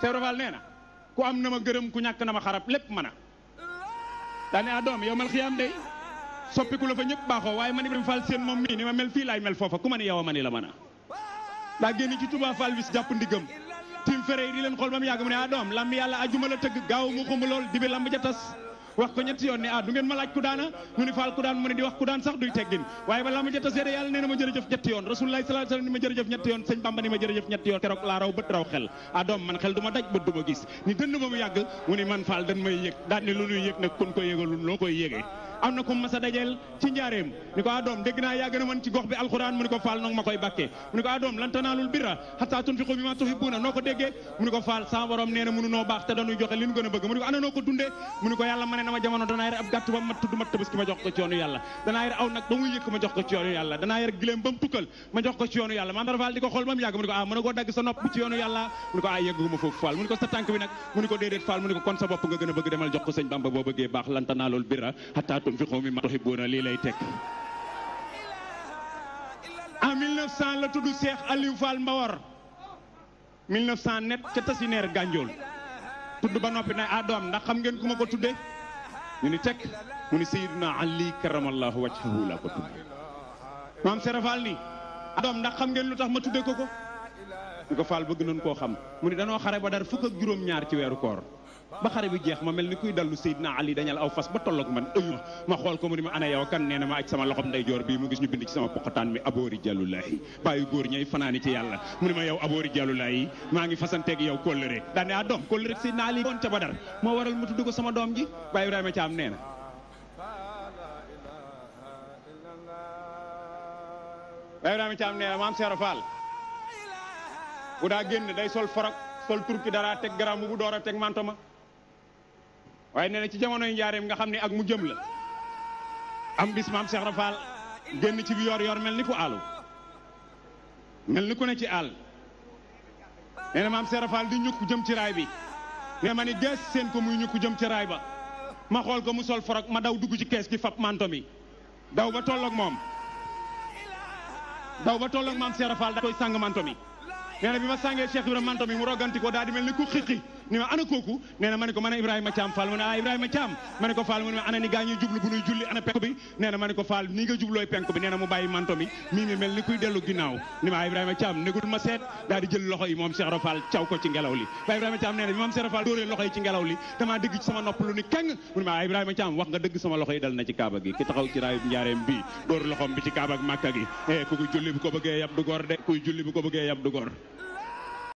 Cheikh Ibra nee na ku am na ma gërëm ku ñàkk na ma xarab lépp mën a daane a ah, doom yow mal xiyaam day soppiku la fa ñëpp baaxoo waaye man Ibrahima Fall seen moom mii ni ma mel fii laay mel foofa ku ma ni yow a ma la mën a daa génn ci Touba Fall bis jàpp ndigam tim fere yi di leen xool ba mu yàgg mu ne a ah, doom yàlla ajuma la tëgg gaaw mu xumb lool dibi lamb ja tas wax ko ñetti yoon ne a ah, du ngeen ma laaj ku daana ñu ni faal ku daan mu ne di wax ku daan sax duy teggin waaye balaa ma jot a seede yàlla nee na ma jërëjëf ñetti yoon rasulullah sallallahu alayhi ma jërëjëf ñetti yoon sëñ bamba ni ma jërëjëf ñetti yoon keroog laa raw bët raw xel ah doom man xel du ma daj bët du ma gis ni dënd ba mu yàgg mu ni man faal dañ may yëg daan ne lu nuy yëg nag kun ko yëgalun loo koy yëgee am na ko masa dajeel ci njaareem ni ko a ah, doom dégg naa yaa gën a ci gox bi alxuraan mu ni ko faal noog ma koy bàkkee mu ni ko a ah, doom lan tanaalul birra xataa tunfiqu mimmaa tuhibbuuna noo ko déggee mu ni ko faal sa borom nee na noo baax te dañuy joxe li ñu a bëgg mu ni ko ana noo ko dundee mu ni ko yàlla ma ne na ma jamono danaay gàtt ba mat tudd mat tabaski ma jox ko ba ma jox ko ci yoonu yàlla gileem ba mu ma jox ko ci yoonu maam dara faal di ko xool ba mu yàgg mu ne ko ah a sa nopp ci yoonu yàlla mu ne ko ah mu ne ko sa tànk bi nag mu ne ko déedéet ko kon sa bopp nga gën a bëgg demal jox ko sëñ bamba boo bëggee baax lan tanaalul birra hattaa tunfiqu mimmaa tuhibbuuna lii lay tekk en 1900 la tudd Cheikh Aliou Fall Mbawar 1900 net ca Tassinère Gandiol tudd ba noppi na ah ndax xam ngeen ku ko tuddee ñu ni teg mu ni Seydina Ali karamallahu wajhahu laa ko tudd maam Serafal ni doom ndax xam ngeen lu tax ma tudde ko ko ñu ko faal bëgg nañ ko xam mu ni dañu xaré ba dar fukk ak juroom ñaar ci koor ba xaré bi jeex ma melni kuy dalu sayyidina ali dañal aw fas ba tolloog man ëyu ma xol ko mu ni ma ana yow kan neena ma acc sama loxom ndey jor bi mu gis ñu bind ci sama pokatan mi abori jallulahi bayu goor ñay fanani ci yalla mu ni ma yow abori jallulahi ma ngi ah, ak yow kolere kolere sayyidina ali ca badar mo waral mu tuddu ko sama domgi. ji bàyyi ibrahima caam nee na bàyyi ibrahima bu daa génn day sol forog sol turki dara teg garaam bu door a teg mantoma waaye nee na ci jamonoy njaareem nga xam ne ak mu jëm la am bis maam Cheikh génn ci bi yor yor mel ni ku àllu mel ni ku ne ci àll nee na maam di ñukk jëm ci raay bi ne ma ni gees seen ko muy ñukk jëm ci raay ba ma xool ko mu sol forog ma daw dugg ci kees gi fab manto mi daw ba tolloog moom daw ba tolloog maam Cheikh Rafal da koy sàng manto يعني بما سانجي شيخ برمانتو مي مروغانتي كو دادي ملني كو خخي ni ma ana kooku nee na ma ne ko ma ne a Thiam Fall ma a ah Ibrahima Thiam ma ne ko Fall mu ne ana ni gaa ñuy jublu bu ñuy julli ana penk bi nee na ma ne ko Fall ni nga jublooy penk bi nee mu bàyyi manto mi mel ni kuy dellu ginnaaw ni ma ah Ibrahima Thiam négul ma seet daal jël loxo yi moom Cheikh Fall caw ko ci ngelaw li waaye Ibrahima Thiam nee na moom Cheikh Fall dóoree loxo ci ngelaw li damaa dégg ci sama nopp lu ni keng mu ne ma ah Ibrahima Thiam wax nga dëgg sama loxo yi na ci kaaba gi ki taxaw ci raayub njaareem bi dóor loxom bi eh, ko bëggee yab ko bëggee